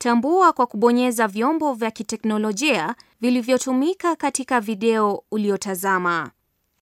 Tambua kwa kubonyeza vyombo vya kiteknolojia vilivyotumika katika video uliotazama.